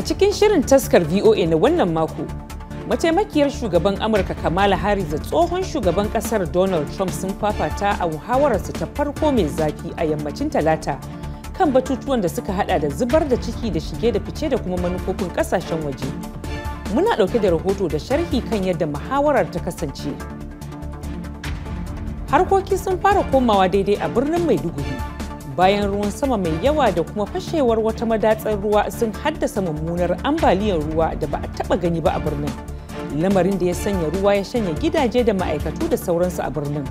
A cikin shirin taskar VOA na wannan mako, mataimakiyar shugaban Amurka Kamala Harris da tsohon shugaban kasar Donald Trump sun fafata a muhawararsu ta farko mai zafi a yammacin talata kan batutuwan da suka hada da zubar da ciki da shige da fice da kuma manufofin kasashen waje. Muna ɗauke da rahoto da sharhi kan yadda muhawarar ta kasance. Harkoki sun fara komawa daidai a birnin Maiduguri. bayan ruwan sama mai yawa da kuma fashewar wata madatsar ruwa sun haddasa mummunar ambaliyar ruwa da ba a taba gani ba a birnin lamarin da ya sanya ruwa ya shanya gidaje da ma'aikatu da sauransu a birnin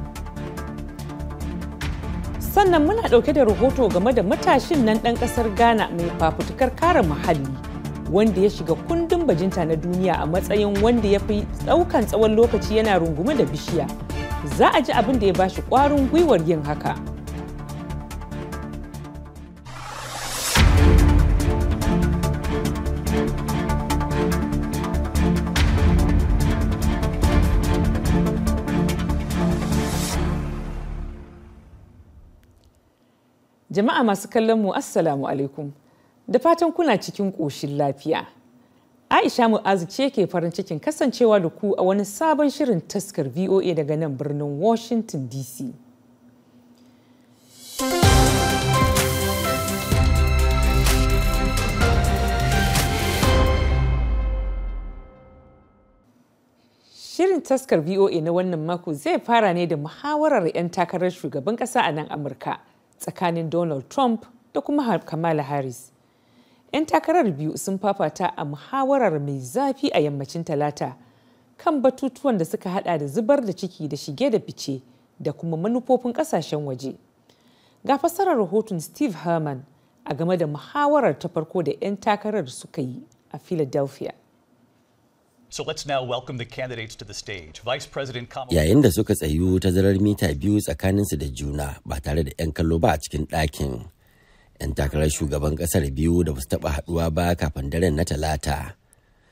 sannan muna ɗauke da rahoto game da matashin nan ɗan ƙasar ghana mai fafutukar kare muhalli wanda ya shiga kundin bajinta na duniya a matsayin wanda ya fi tsawon lokaci yana rungume da bishiya za a ji abin da ya bashi kwarin gwiwar yin haka. Jama'a masu kallon mu Assalamu alaikum. Da fatan kuna cikin ƙoshin lafiya. Aisha Mu'azu ce ke farin cikin kasancewa da ku a wani sabon shirin taskar VOA daga nan birnin Washington DC. Shirin taskar VOA na wannan mako zai fara ne da muhawarar 'yan takarar shugaban ƙasa a nan Amurka. tsakanin Donald Trump da kuma Kamala Harris. 'Yan takarar biyu sun fafata a muhawarar mai zafi a yammacin talata kan batutuwan da suka hada da zubar da ciki da shige da fice da kuma manufofin kasashen waje. Ga fassarar rahoton Steve Herman a game da muhawarar ta farko da 'yan takarar suka yi a Philadelphia. so lets vice president Yayin da suka tsayu tazarar mita biyu tsakaninsu da juna ba tare da 'yan kallo ba a cikin ɗakin. 'Yan takarar shugaban ƙasar biyu da ba su taɓa haɗuwa ba kafin daren na talata.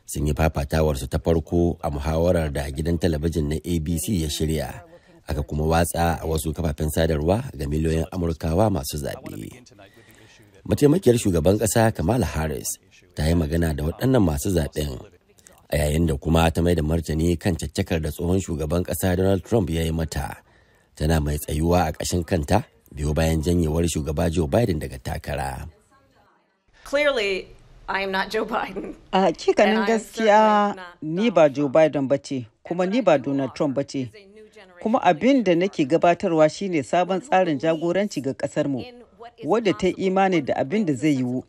Sun yi fafatawarsu ta farko a muhawarar da gidan talabijin na ABC ya shirya. Aka kuma watsa a wasu kafafen sadarwa ga miliyoyin Amurkawa masu zaɓe. Mataimakiyar shugaban ƙasa Kamala Harris ta yi magana da waɗannan masu zaɓen. a yayin da kuma ta mai da martani kan caccakar da tsohon shugaban kasa donald trump ya yi mata tana mai tsayuwa a ƙashin kanta biyo bayan janyewar shugaba joe biden daga takara clearly I am not Joe Biden. A hakikanin gaskiya ni ba Joe Biden ba ce, kuma ni ba Donald Trump ba ce. Kuma abin da nake gabatarwa shine sabon tsarin jagoranci ga kasarmu, wadda ta imani da abin da zai yiwu,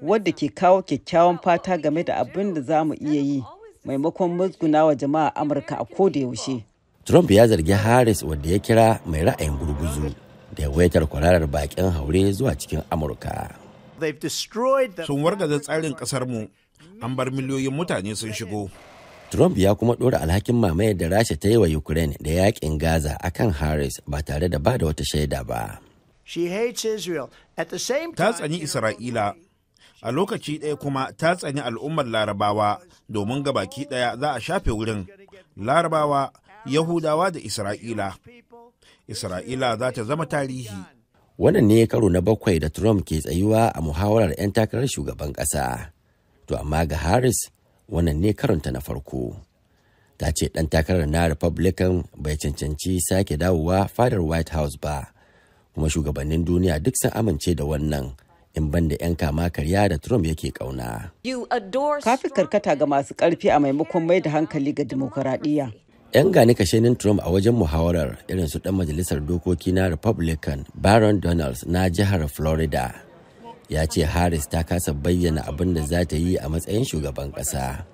wadda ke kawo kyakkyawan fata game da abin da za mu iya yi, maimakon musgunawa jama'a amurka a koda yaushe trump ya zargi harris wanda ya kira mai ra'ayin gurguzu da yawaitar kwararar bakin haure zuwa cikin amurka sun wargaza tsarin kasarmu an bar miliyoyin mutane sun shigo Trump ya kuma dora alhakin mamayar da Rasha ta yi wa Ukraine da yakin Gaza akan Harris ba tare da ba da wata shaida ba. Ta tsani Isra'ila a lokaci ɗaya kuma ta tsani al'ummar larabawa domin ga baki ɗaya za a shafe wurin larabawa yahudawa da isra'ila isra'ila za ta zama tarihi wannan ne karo na bakwai da trump ke tsayuwa a muhawarar 'yan takarar shugaban ƙasa to amma ga harris wannan ne karanta na farko ta ce ɗan takarar na republican bai cancanci sake dawowa fadar white house ba kuma shugabannin duniya duk sun amince da wannan in banda 'yan kama karya da Trump yake kauna. Kafi karkata ga masu ƙarfi a maimakon mai da hankali ga dimokuraɗiyya. 'Yan gani kashenin Trump a wajen muhawarar irin su ɗan majalisar dokoki na Republican Baron Donalds na jihar Florida. Ya ce Harris ta kasa bayyana abin da za ta yi a matsayin shugaban ƙasa.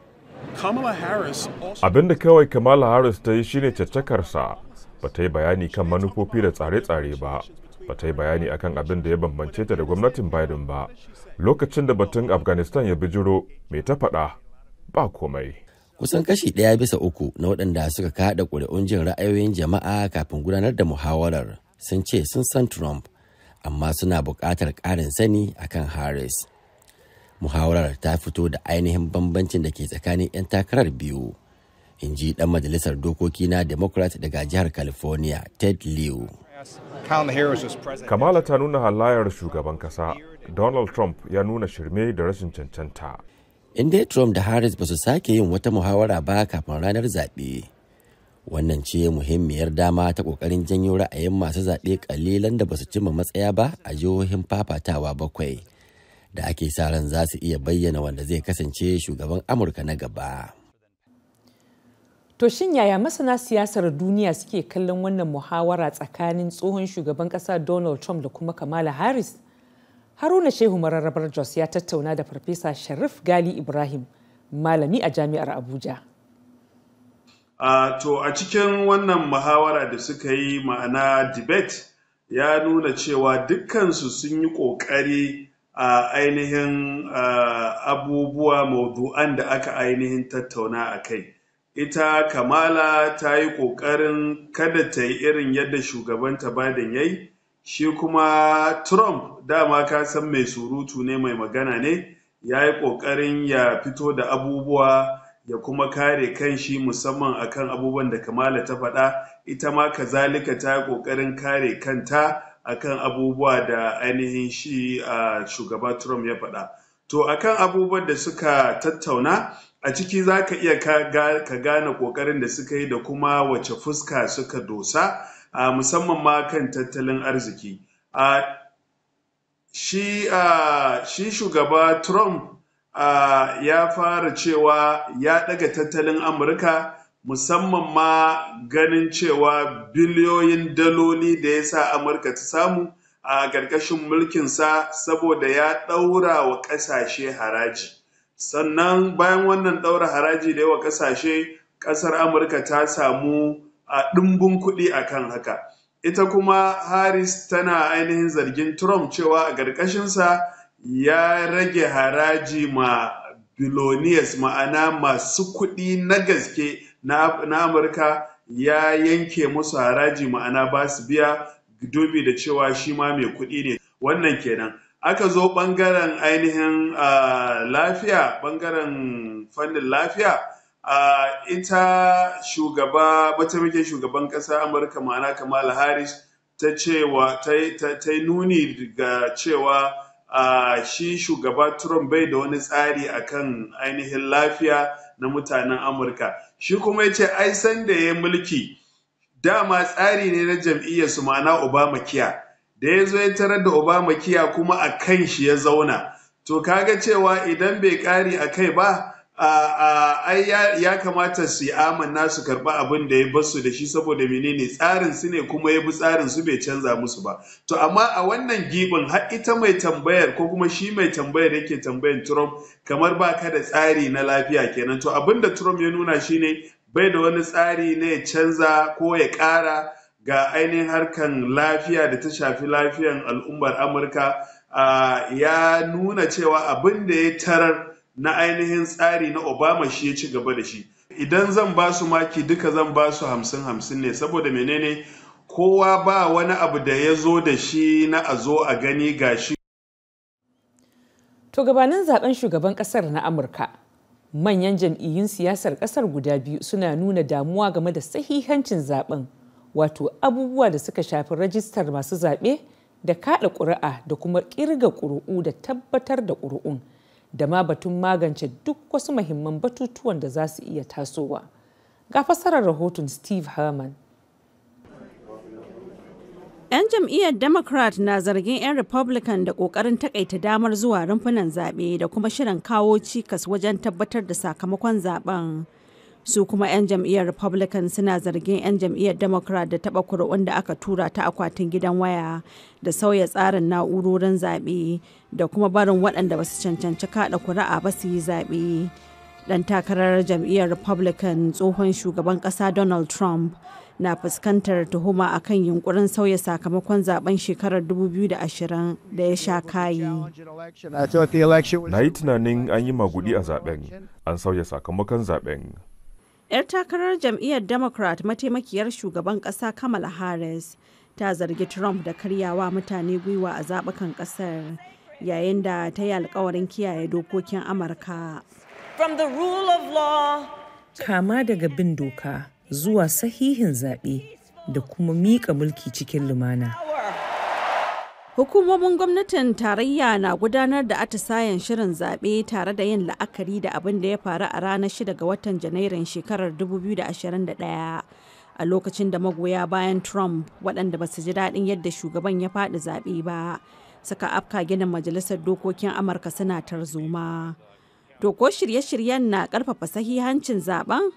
Abin da kawai Kamala Harris ta yi shine caccakarsa ba ta yi bayani kan manufofi da tsare-tsare ba. ba ta yi bayani akan abin da ya bambance ta da gwamnatin Biden ba lokacin da batun Afghanistan ya bijiro mai ta faɗa ba komai. Kusan kashi ɗaya bisa uku na waɗanda suka kaɗa ƙuri'un jin ra'ayoyin jama'a kafin gudanar da muhawarar sun ce sun san Trump amma suna buƙatar ƙarin sani akan Harris. Muhawarar ta fito da ainihin bambancin da ke tsakanin 'yan takarar biyu. in ji ɗan majalisar dokoki na democrat daga jihar california ted liu Kamala ta nuna halayar shugaban kasa Donald Trump ya nuna shirme da rashin cancanta. in dai Trump da Harris ba su sake yin wata muhawara ba kafin ranar zaɓe. Wannan ce muhimmiyar dama ta ƙoƙarin janyo ra'ayin masu zaɓe ƙalilan da ba su cimma matsaya ba a jihohin fafatawa bakwai da ake sa ran za su iya bayyana wanda zai kasance shugaban Amurka na gaba. To shin yaya masana siyasar duniya suke kallon wannan muhawara tsakanin tsohon shugaban ƙasa Donald Trump da kuma Kamala Harris? Haruna Shehu mararrabar Jos ya tattauna da Farfesa Sharif Gali Ibrahim, malami a Jami'ar Abuja. to a cikin wannan muhawara da suka yi ma'ana debate ya nuna cewa dukkansu sun yi ƙoƙari a ainihin abubuwa maudu'an da aka ainihin tattauna a kai. ita kamala ta yi ƙoƙarin kada ta yi irin yadda shugabanta biden ya yi shi kuma trump dama ka san mai surutu ne mai magana ne ya yi ƙoƙarin ya fito da abubuwa ya kuma kare kan shi musamman akan abubuwan da kamala ta faɗa ita ma kazalika ta yi ƙoƙarin kare kanta akan abubuwa da ainihin shi a ah, shugaba trump ya faɗa to akan abubuwan da suka tattauna a ciki za ka iya ka gane kokarin da suka yi da kuma wace fuska suka dosa a musamman ma kan tattalin arziki a shi shugaba trump ya fara cewa ya daga tattalin amurka musamman ma ganin cewa biliyoyin daloli da ya sa amurka ta samu a ƙarƙashin mulkinsa saboda ya ɗaura wa ƙasashe haraji sannan bayan wannan ɗaura haraji da yawa ƙasashe ƙasar amurka ta samu a ɗimbin kuɗi a kan haka ita kuma harris tana ainihin zargin trump cewa a ƙarƙashinsa ya rage haraji ma billionaires ma'ana masu kuɗi na gaske na amurka ya yanke musu haraji ma'ana ba su biya dubi da cewa shi ma mai kuɗi ne wannan kenan aka zo ɓangaren ainihin lafiya ɓangaren fannin lafiya ita shugaba mataimakin shugaban ƙasa amurka ma'ana kamala harris ta cewa ta nuni ga cewa shi shugaba trump bai da wani tsari akan ainihin lafiya na mutanen amurka shi kuma ya ce ai san da ya mulki dama tsari ne na jam'iyyarsu ma'ana obama kiya da ya zo ya tarar da obama kiya kuma a kan shi ya zauna to kaga cewa idan bai ƙari a kai ba ai ya kamata su yi amanna su karɓi abin da ya basu da shi saboda menene tsarin su ne kuma ya bi tsarin su bai canza musu ba to amma a wannan gibin har ita mai tambayar ko kuma shi mai tambayar yake tambayan Trump kamar ba ka da tsari na lafiya kenan to abin da Trump ya nuna shi ne bai da wani tsari na ya canza ko ya ƙara ga ainihin harkan lafiya da ta shafi lafiyan al'ummar amurka ya nuna cewa abin da ya tarar na ainihin tsari na obama shi ya ci gaba da shi idan zan ba su maki duka zan ba su hamsin hamsin ne saboda menene kowa ba wani abu da ya zo da shi na a zo a gani ga shi. to gabanin zaben shugaban kasar na amurka manyan jam'iyyun siyasar kasar guda biyu suna nuna damuwa game da sahihancin zaben wato abubuwa da suka shafi rajistar masu zaɓe da kaɗa ƙuri'a da kuma ƙirga ƙuri'u da tabbatar da ƙuri'un da ma batun magance duk wasu mahimman batutuwan da za su iya tasowa. Ga fasarar rahoton Steve Herman. 'Yan jam'iyyar Democrat na zargin 'yan Republican da ƙoƙarin takaita damar zuwa rumfunan zaɓe da kuma shirin kawo cikas wajen tabbatar da sakamakon zaben. su kuma 'yan jam'iyyar republican suna zargin 'yan jam'iyyar democrat da taɓa kuri'un da aka tura ta akwatin gidan waya da sauya tsarin na'urorin zaɓe da kuma barin waɗanda ba su cancanci kaɗa kuri'a ba su yi zaɓe ɗan takarar jam'iyyar republican tsohon shugaban ƙasa donald trump na fuskantar tuhuma a kan yunkurin sauya sakamakon zaben shekarar 2020 da ya sha kayi. Na yi tunanin an yi magudi a zaben, an sauya sakamakon zaben, 'Yar takarar jam'iyyar Democrat mataimakiyar shugaban ƙasa Kamala Harris ta zargi Trump da karyawa mutane gwiwa a zaɓukan ƙasar yayin da ta yi alkawarin kiyaye dokokin Amurka. Kama daga bin doka zuwa sahihin zaɓe da kuma miƙa mulki cikin lumana. Hukumomin gwamnatin tarayya na gudanar da atisayen shirin zaɓe tare da yin la'akari da abin da ya faru a ranar 6 ga watan Janairun shekarar 2021 a lokacin da magoya bayan Trump waɗanda ba su ji daɗin yadda shugaban ya faɗi zaɓe ba suka afka ginin majalisar dokokin Amurka suna tarzoma. To ko shirye-shiryen na ƙarfafa sahihancin zaɓen?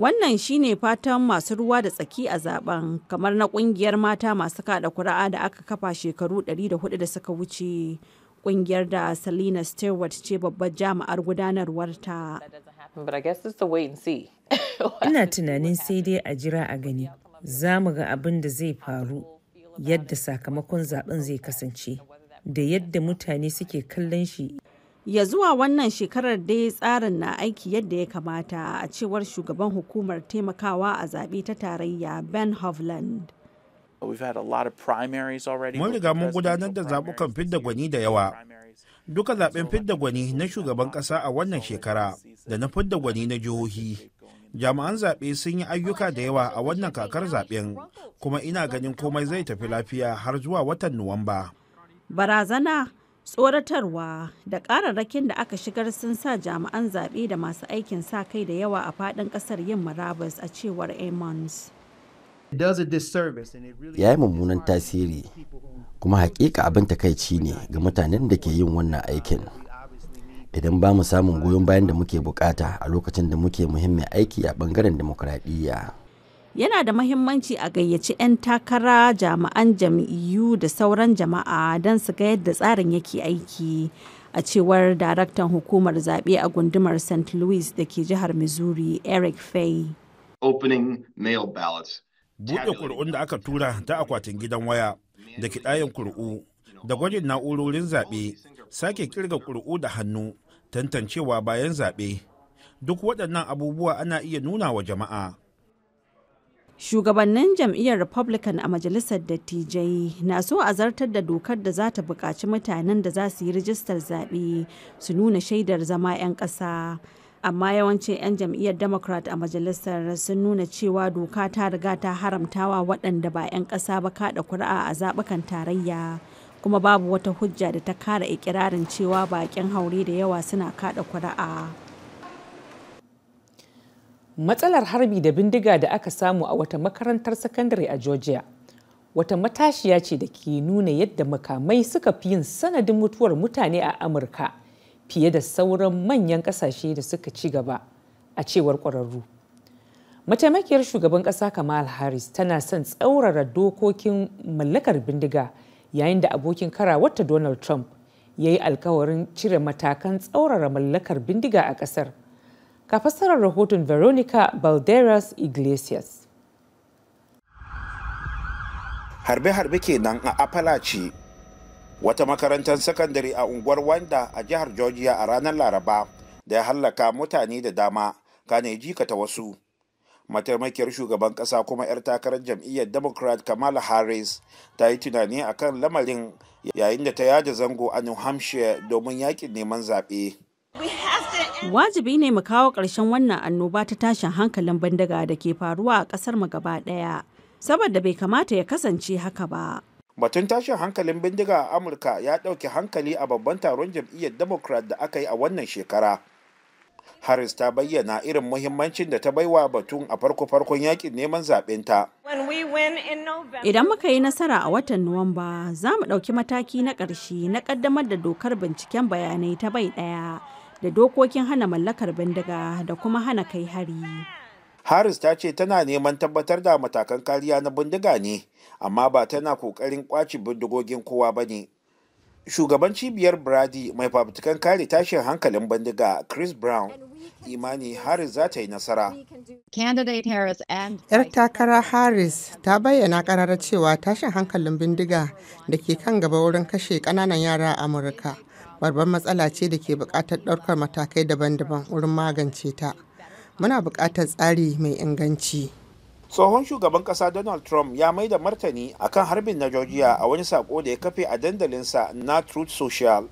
Wannan shine fatan masu ruwa da tsaki a zaben kamar na kungiyar mata masu kada kura'a da aka kafa shekaru 104 da suka wuce kungiyar da salina Stewart ce babbar jami'ar gudanarwarta. Ina tunanin sai dai a jira a gani za mu ga abin da zai faru yadda sakamakon zaben zai kasance da yadda mutane suke kallon shi ya zuwa wannan shekarar dai tsarin na aiki yadda ya kamata a cewar shugaban hukumar taimakawa a zaɓe ta tarayya ben hovland mun riga mun gudanar da zaɓukan fidda gwani da yawa duka zaɓen fidda gwani na shugaban ƙasa a wannan shekara da na fidda gwani na jihohi jami'an zaɓe sun yi ayyuka da yawa a wannan kakar zaɓen kuma ina ganin komai zai tafi lafiya har zuwa watan nuwamba barazana tsoratarwa da kararrakin da aka shigar sun sa jami'an zaɓe da masu aikin sa kai da yawa a faɗin ƙasar yin marabas a cewar amons Ya yi mummunan tasiri kuma hakika abin takaici ne ga mutanen da ke yin wannan aikin. Idan ba mu samun goyon bayan da muke bukata a lokacin da muke muhimmin aiki a bangaren demokradiyya. Yana da mahimmanci a gayyaci 'yan takara, jami'an jam'iyyu da sauran jama'a don su ga yadda tsarin yake aiki, a cewar daraktan hukumar zaɓe a gundumar St. Louis da ke jihar Missouri, Eric Fay. Opening mail ballots. Buɗe kuri'un da aka tura ta akwatin gidan waya da ɗayan kuri'u da gwajin na'urorin zaɓe sake kirga kuri'u da hannu tantancewa bayan zaɓe. Duk waɗannan abubuwa ana iya nuna wa jama'a. Shugabannin jam'iyyar Republican a Majalisar Dattijai na so a zartar da dokar da za ta buƙaci mutanen da za su yi rijistar zaɓe su nuna shaidar zama 'yan ƙasa. amma yawancin 'yan jam'iyyar democrat a majalisar sun nuna cewa doka ta riga ta haramtawa waɗanda ba 'yan ƙasa ba kaɗa kuri'a a zaɓukan tarayya kuma babu wata hujja da ta kara ikirarin cewa baƙin haure da yawa suna kaɗa kuri'a. matsalar harbi da bindiga da aka samu a wata makarantar sakandare a georgia wata matashiya ce da ke nuna yadda makamai suka fi yin sanadin mutuwar mutane a amurka fiye da sauran manyan kasashe da suka ci gaba a cewar ƙwararru mataimakiyar shugaban ƙasa kamal harris tana son tsaurara dokokin mallakar bindiga yayin da abokin karawarta donald trump ya yi alkawarin cire matakan tsaurara mallakar bindiga a ƙasar Ga fassarar rahoton Veronica Balderas Iglesias. Harbe-harbe kenan a Apalachi, wata makarantar sakandare a unguwar Wanda a jihar Georgia a ranar Laraba da ya hallaka mutane da dama kane jikata wasu. mataimakiyar shugaban kasa kuma 'yar takarar jam'iyyar democrat kamala harris ta yi tunani akan lamarin yayin da ta yada zango a new hampshire domin yakin neman zaɓe. Wajibi ne mu kawo ƙarshen wannan annoba ta tashin hankalin bandaga da ke faruwa a ƙasar mu gaba ɗaya, saboda bai kamata ya kasance haka ba. Batun tashin hankalin bindiga a Amurka ya ɗauki hankali a babban taron jam'iyyar Democrat da aka yi a wannan shekara. Harris ta bayyana irin muhimmancin da ta baiwa batun a farko-farkon yakin neman zaɓenta. Idan muka yi nasara a watan Nuwamba, za mu ɗauki mataki na ƙarshe na ƙaddamar da dokar binciken bayanai ta bai ɗaya. da dokokin hana mallakar bindiga da kuma hana kai hari. Harris ta ce tana neman tabbatar da matakan kariya na bindiga ne, amma ba tana kokarin kwaci bindigogin kowa ba ne. Shugaban cibiyar Brady mai fafutukan kare tashin hankalin bindiga Chris Brown imani Harris za ta yi nasara. Yar takara Harris ta bayyana karara cewa tashin hankalin bindiga da ke kan gaba wurin kashe ƙananan yara a Amurka. babbar matsala ce da ke buƙatar ɗaukar matakai daban-daban wurin magance ta muna buƙatar tsari mai inganci tsohon shugaban ƙasa donald trump ya mai da martani akan harbin na georgia a wani sako da ya kafe a dandalinsa na truth social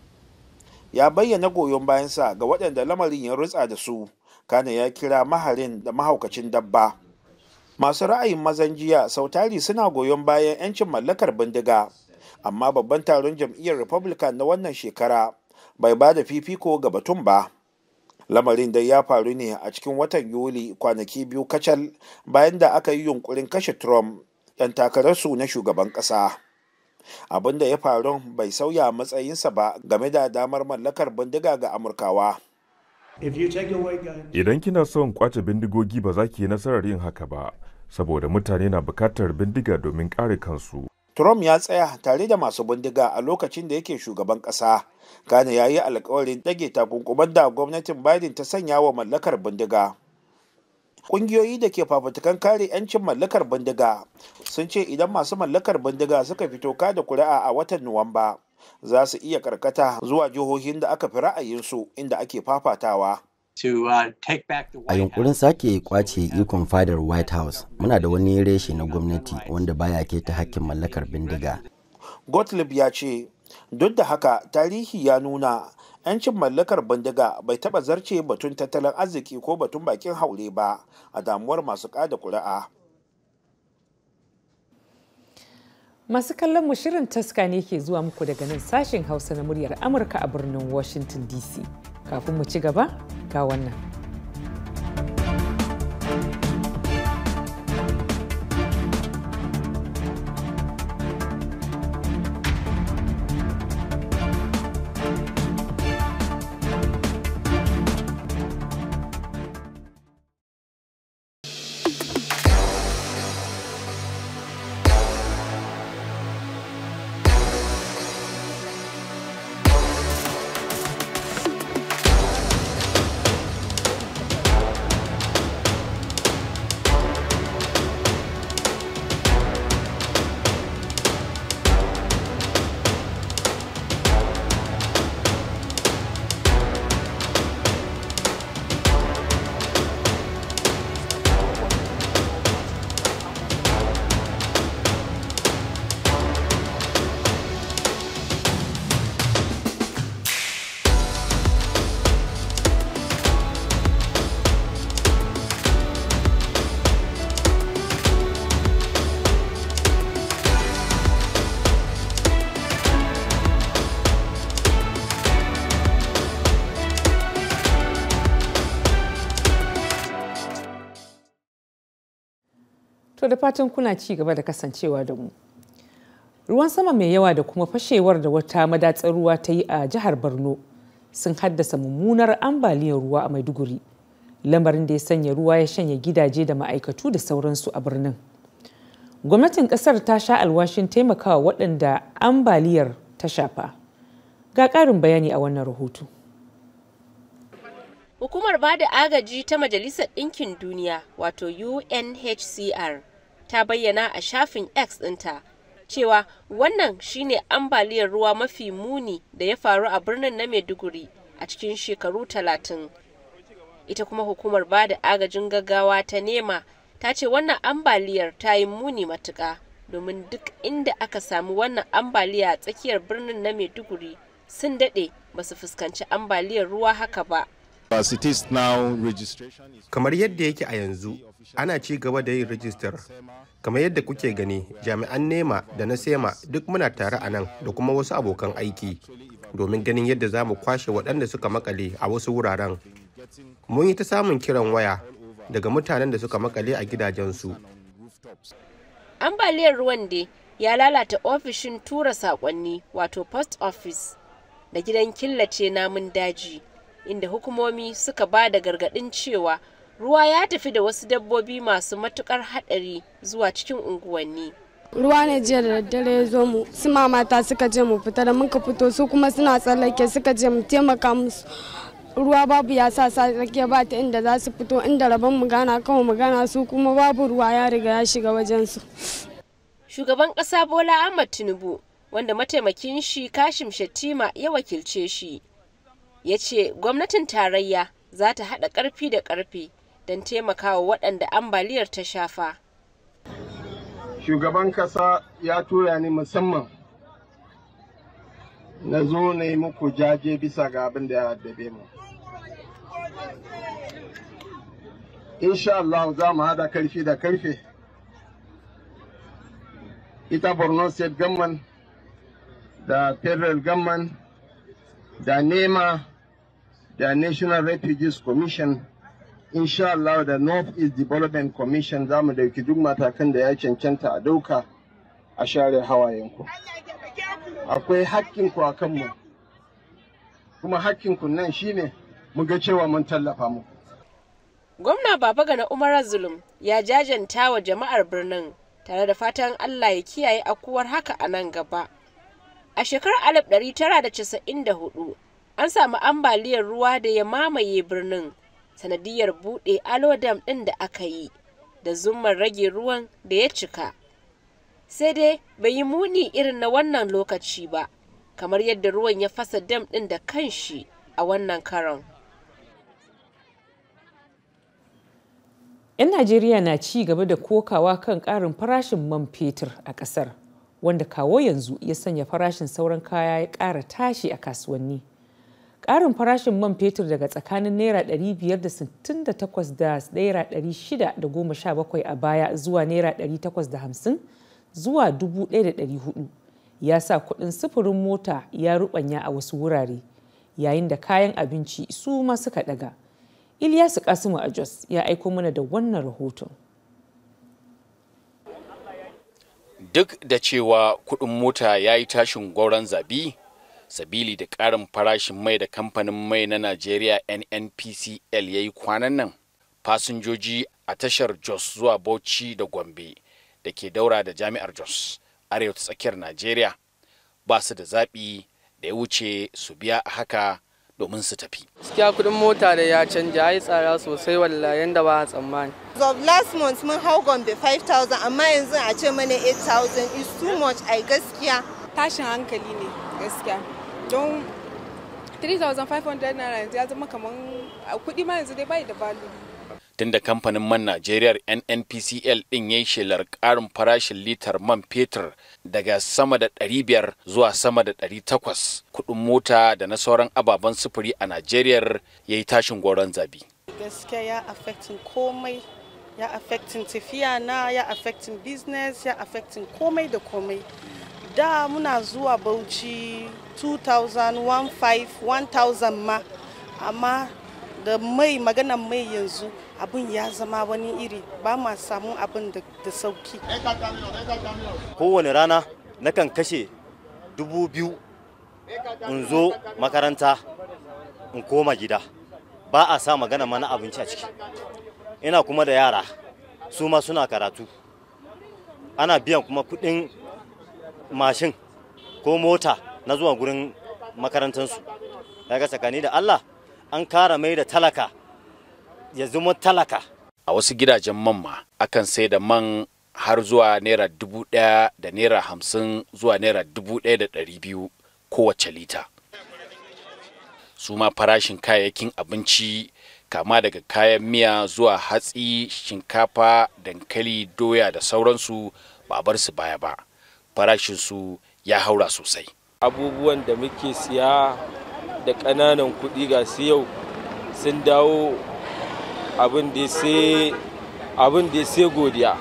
ya bayyana goyon bayansa ga waɗanda lamarin ya rutsa da su kana ya kira maharin da mahaukacin dabba masu ra'ayin mazan jiya sautari suna goyon bayan 'yancin mallakar bindiga amma babban taron jam'iyyar republican na wannan shekara bai ba da fifiko ga batun ba lamarin dai ya faru ne a cikin watan yuli kwanaki biyu kacal bayan da aka yi yunkurin kashe trump yan takararsu na shugaban kasa abin da ya faru bai sauya matsayinsa ba game da damar mallakar bindiga ga amurkawa idan kina son kwace bindigogi ba za ki yi nasarar yin haka ba saboda mutane na bukatar bindiga domin kare kansu trump ya tsaya tare da masu bindiga a lokacin da yake shugaban kasa. Kane ya yi alkawarin dage takunkuman da gwamnatin Biden ta sanya wa mallakar bindiga. Ƙungiyoyi da ke fafutukan kare 'yancin mallakar bindiga sun ce idan masu mallakar bindiga suka fito da kuri'a a watan Nuwamba za su iya karkata zuwa jihohin da aka fi ra'ayinsu inda ake fafatawa. Uh, a yunkurin sake kwace ikon fadar White House, muna da wani reshe na gwamnati wanda baya keta hakkin mallakar bindiga. Gottlieb ya ce, duk da haka tarihi ya nuna 'yancin mallakar bindiga bai taɓa zarce batun tattalin arziki ko batun bakin haure ba a damuwar masu ƙada kuri'a masu kallon mu shirin taska ne ke zuwa muku daga nan sashen hausa na muryar amurka a birnin washington dc kafin mu ci gaba ga wannan To da fatan kuna ci gaba da kasancewa da mu. Ruwan sama mai yawa da kuma fashewar da wata madatsar ruwa ta yi a jihar Borno sun haddasa mummunar ambaliyar ruwa a Maiduguri. Lamarin da ya sanya ruwa ya shanya gidaje da ma'aikatu da sauransu a birnin. Gwamnatin kasar ta sha alwashin taimakawa waɗanda ambaliyar ta shafa. Ga ƙarin bayani a wannan rahoto. Hukumar ba da agaji ta Majalisar Ɗinkin Duniya, wato UNHCR, ta bayyana a shafin X ɗinta cewa wannan shine ambaliyar ruwa mafi muni da ya faru a birnin na Maiduguri a cikin shekaru talatin. Ita kuma hukumar ba da agajin gaggawa ta nema ta ce wannan ambaliyar ta yi muni matuka, domin duk inda aka samu wannan ambaliya a tsakiyar birnin na Maiduguri sun daɗe ba su fuskanci ambaliyar ruwa haka ba. Kamar yadda yake a yanzu, ana ci gaba da yin rijistar. Kamar yadda kuke gani, jami'an nema da na sema duk muna tare a nan da kuma wasu abokan aiki domin ganin yadda za mu kwashe waɗanda suka makale a wasu wuraren. Mun yi ta samun kiran waya daga mutanen da suka makale a gidajensu. Ambaliyar ruwan dai ya lalata ofishin tura saƙonni wato post office da gidan killace namun daji. inda hukumomi suka ba da gargaɗin cewa ruwa ya tafi da wasu dabbobi masu matukar haɗari zuwa cikin unguwanni. ruwa ne jiya da daddare ya zo mu su mamata suka je mu fita da muka fito su kuma suna tsallake suka je mu taimaka musu ruwa babu ya sa sa tsakiya ba ta inda za su fito inda rabon mu gana kawai mu gana su kuma babu ruwa ya riga ya shiga wajen su shugaban kasa bola ahmad tinubu wanda mataimakin shi kashim shattima ya wakilce shi ya ce gwamnatin tarayya za ta haɗa ƙarfi da ƙarfi don taimakawa waɗanda ambaliyar ta shafa. Shugaban ƙasa ya tura ni musamman na zo na yi muku jaje bisa ga abin da ya addabe mu. Insha Allah za mu haɗa ƙarfi da ƙarfe. Ita Borno State Government da Federal Government da nema da national refugees commission insha Allah da north east development commission za mu dauki duk matakan da ya cancanta a dauka a share hawayenku akwai hakkinku a kanmu kuma hakkinku nan shine mu ga cewa mun tallafa mu gwamna baba gana umar zulum ya jajanta wa jama'ar birnin tare da fatan allah ya kiyaye akuwar haka a nan gaba A shekarar 1994 an samu ambaliyar ruwa da ya mamaye birnin sanadiyar buɗe alodam Dam ɗin da aka yi da zumar rage ruwan da ya cika. Sai dai bai yi muni irin na wannan lokaci ba, kamar yadda ruwan ya fasa dam ɗin da kanshi a wannan karon. 'Yan Najeriya na ci gaba da kokawa kan ƙarin farashin man fetur a ƙasar. wanda kawo yanzu ya sanya farashin sauran kaya ya ƙara tashi a kasuwanni. Ƙarin farashin man fetur daga tsakanin Naira 568 da sha bakwai a baya zuwa Naira 850 zuwa 1,400 ya sa kuɗin sufurin mota ya rubanya a wasu wurare yayin da kayan abinci su ma suka ɗaga. Ilyasu Kasimu a Jos ya aiko mana da wannan rahoton. duk da cewa kuɗin mota ya yi tashin gwauron zabi sabili da ƙarin farashin mai da kamfanin mai na najeriya nnpcl ya yi kwanan nan fasinjoji a tashar jos zuwa bauchi da gombe da ke daura da jami'ar jos arewa ta tsakiyar najeriya ba su da zaɓi da ya wuce su biya a haka domin su tafi. Gaskiya kudin mota da ya canja ya yi tsara sosai walla yanda ba a tsammani. Of last month mun hau Gombe 5,000 amma yanzu a ce mana 8,000 is too much ai gaskiya. Tashin hankali ne gaskiya. Don 3,500 naira yanzu ya zama kamar kuɗi ma yanzu dai bai da value. da kamfanin man Najeriya NNPCL din yayi shelar ƙarin farashin litar man fetur daga sama da 500 zuwa sama da 800 kudin mota da na sauran ababen sufuri a Najeriya yayi tashin goron zabi. Gaskiya ya affecting komai ya affecting tafiya na ya affecting business ya affecting komai da komai. Da muna zuwa Bauchi 2000 1500 ma amma da mai maganan mai yanzu abin ya zama wani iri ba ma samun abin da sauki kowane rana nakan kashe dubu biyu in zo makaranta in koma gida ba a sa magana mana abinci a ciki ina kuma da yara su ma suna karatu ana biyan kuma kudin mashin ko mota na zuwa gurin makarantansu daga tsakani da allah an kara mai da talaka ya zama talaka a wasu gidajen man akan sai da man har zuwa naira dubu ɗaya da naira hamsin zuwa naira dubu ɗaya da ɗari biyu kowace lita su ma farashin kayayyakin abinci kama daga kayan miya zuwa hatsi shinkafa dankali doya da sauransu ba bar su baya ba farashin su ya haura sosai abubuwan da muke siya da ƙananan kuɗi ga su yau sun dawo abin da sai godiya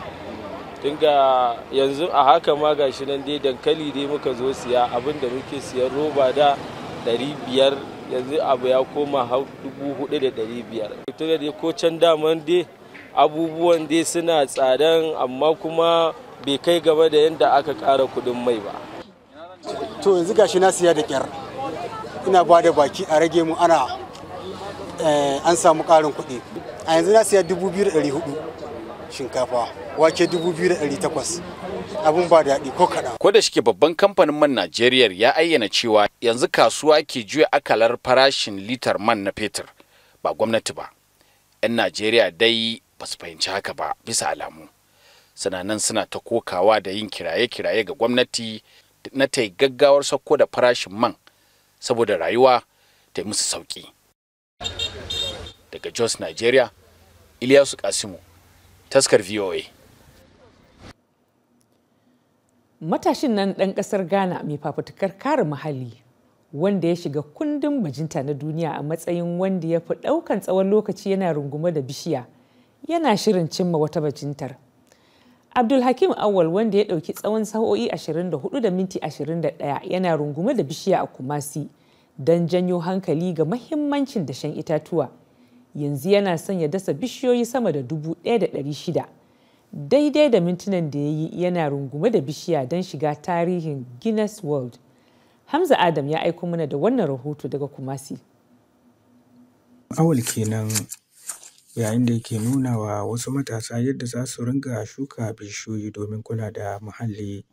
tun ga yanzu a haka ma ga shi nan dai dankali dai muka zo siya abin da muke siyan roba da 500 yanzu abu ya koma 4,500 tun da dai ko can daman dai abubuwan dai suna tsadan amma kuma bai kai gaba da yadda aka ƙara kuɗin mai ba to yanzu gashi na siya da kyar ina ba da baki a rage mu ana eh, an samu ƙarin kuɗi a yanzu na siya hudu shinkafa wake takwas abun ba daɗi ko kaɗa. Ko da shike babban kamfanin man Najeriya ya ayyana cewa yanzu kasuwa ke juya akalar farashin litar man na fetur ba gwamnati ba. 'Yan Najeriya dai ba su fahimci haka ba bisa alamu. Suna nan suna ta kokawa da yin kiraye-kiraye ga gwamnati na ta yi gaggawar sauko da farashin man saboda rayuwa ta yi musu sauƙi. daga Jos Nigeria Ilyasu Kasimu taskar VOA Matashin nan ɗan ƙasar Ghana mai fafutukar kare muhalli wanda ya shiga kundin bajinta na duniya a matsayin wanda ya fi ɗaukan tsawon lokaci yana rungume da bishiya yana shirin cimma wata bajintar. Abdulhakim Awal wanda ya ɗauki tsawon sa'o'i 24 da minti 21 yana rungume da bishiya a Kumasi don janyo hankali ga mahimmancin dashen itatuwa. yanzu yana son ya dasa bishiyoyi sama da dubu ɗaya da ɗari shida daidai da mintunan da ya yi yana rungume da bishiya don shiga tarihin guinness world hamza adam ya aiko mana da wannan rahoto daga kumasi awal kenan yayin da yake nuna wa wasu matasa yadda za su ringa shuka bishiyoyi domin kula da muhalli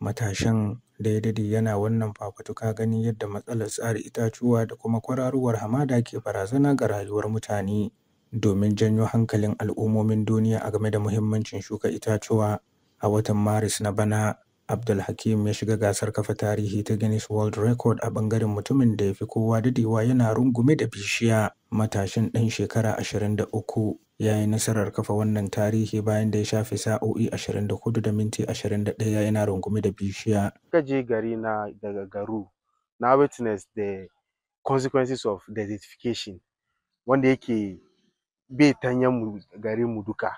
matashin da ya dade yana wannan fafutuka ganin yadda matsalar tsarin itatuwa da kuma kwararowar hamada ke barazana ga rayuwar mutane domin janyo hankalin al'ummomin duniya a game da muhimmancin shuka itatuwa a watan maris na bana Abdul Hakim ya shiga gasar kafa tarihi ta guinness world record a bangaren mutumin da ya fi kowa dadewa yana rungume da bishiya matashin ɗan shekara 23 ya yi nasarar kafa wannan tarihi bayan da ya shafe sa'o'i 24 da minti 21 yana rungume da bishiya. Ka je gari na daga garu na witness the consequences of desertification wanda yake bai tanyan mu garin mu duka.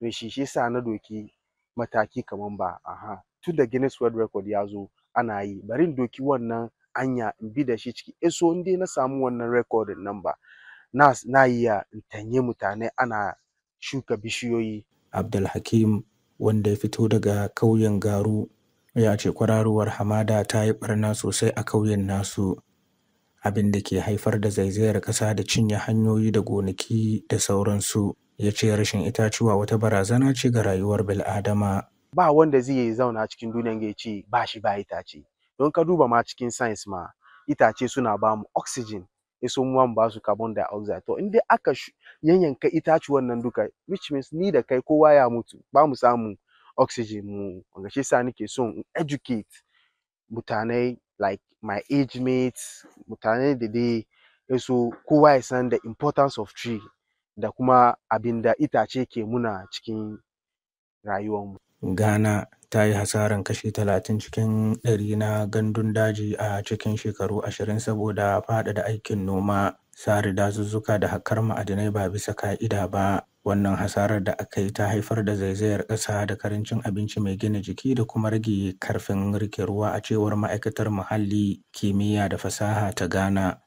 Don shi shi na doki mataki kamar ba aha tun da Guinness World Record ya zo ana yi bari doki wannan anya in bi da shi ciki eso eh, so in na samu wannan record nan ba na, na iya tanye mutane ana shuka bishiyoyi. Abdulhakim wanda ya fito daga kauyen Garu ya ce kwararuwar hamada ta yi ɓarna sosai a kauyen nasu abin da ke haifar da zaizayar ƙasa da cinye hanyoyi da gonaki da sauransu ya ce rashin itacuwa wata barazana ce ga rayuwar bil'adama. Ba wanda zai zauna cikin duniya ya ce ba shi ba itace don ka duba ma cikin science ma itace suna ba mu oxygen sun man ba su carbon dioxide to in dai aka yanyanka itacuwan nan duka which means ni da kai kowa ya mutu ba mu samu oxygen mu wanda shi yasa nake so in educate mutane like my age mates mutane da dai so kowa ya san the importance of tree da kuma abin da itace ke muna cikin rayuwarmu Ghana ta yi hasarar kashi talatin cikin ɗari na gandun daji a cikin shekaru ashirin saboda faɗaɗa aikin noma, sari dazuzzuka da hakar ma'adinai ba bisa ka'ida ba. Wannan hasarar da aka yi ta haifar da zaizayar ƙasa da karancin abinci mai gina jiki da kuma rage karfin rike ruwa a cewar ma'aikatar muhalli, kimiyya da fasaha ta Ghana.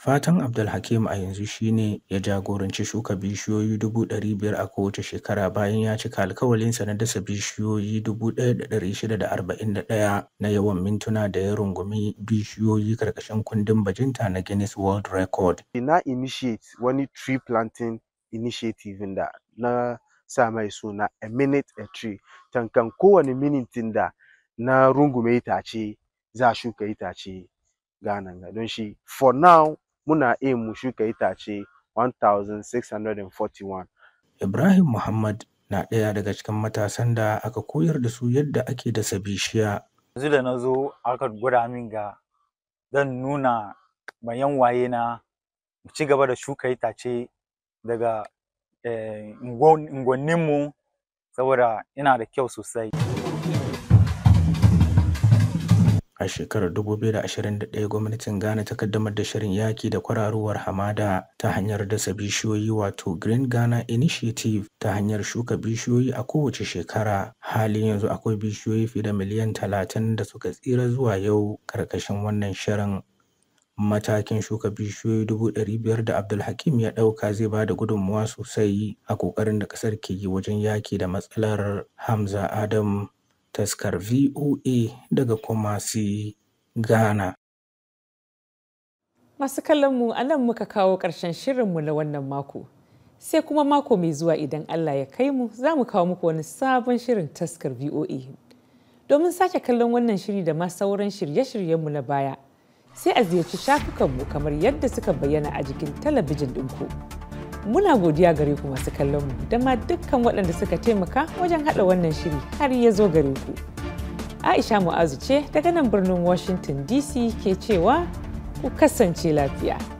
Fatan Abdulhakim a yanzu shine ya jagoranci shuka bishiyoyi dubu biyar a kowace shekara bayan ya cika alkawalinsa na dasa bishiyoyi dubu ɗaya da da da shida arba'in ɗaya na yawan mintuna da ya rungumi bishiyoyi karkashin kundin bajinta na Guinness World Record. Na initiate wani tree planting initiative da na sa mai suna a minute a tree tankan kowane minitin da na rungume itace za shuka itace ganan ga don shi for now muna iya mu shuka itace 1641. Ibrahim Muhammad na ɗaya daga cikin matasan da aka koyar da su yadda ake dasa bishiya. Yanzu da na zo aka gwada min ga zan nuna ma yan waye na ci gaba da shuka itace daga eh, mu saboda ina da kyau sosai. A shekarar 2021 gwamnatin Ghana ta kaddamar da shirin yaki da kwararowar hamada ta hanyar dasa bishiyoyi wato Green Ghana Initiative ta hanyar shuka bishiyoyi a kowace shekara. Halin yanzu akwai bishiyoyi fiye da miliyan 30 da suka tsira zuwa yau karkashin wannan shirin. matakin shuka bishiyoyi dubu ɗari biyar da Abdulhakim ya ɗauka zai ba da gudunmuwa sosai a ƙoƙarin da ƙasar ke yi wajen yaki da matsalar Hamza Adam taskar VOA daga Kumasi, Ghana. Masu kallonmu a nan muka kawo ƙarshen shirinmu na wannan mako. Sai kuma mako mai zuwa idan Allah ya kai mu za mu kawo muku wani sabon shirin taskar VOA. Domin sake kallon wannan shiri da ma sauran shirye-shiryenmu na baya, sai a ziyarci shafukanmu kamar yadda suka bayyana a jikin talabijin ɗinku. Muna godiya gare ku masu kallon mu da ma dukkan waɗanda suka taimaka wajen haɗa wannan shiri har ya zo gare ku. Aisha Mu'azu ce daga nan birnin Washington DC ke cewa ku kasance lafiya.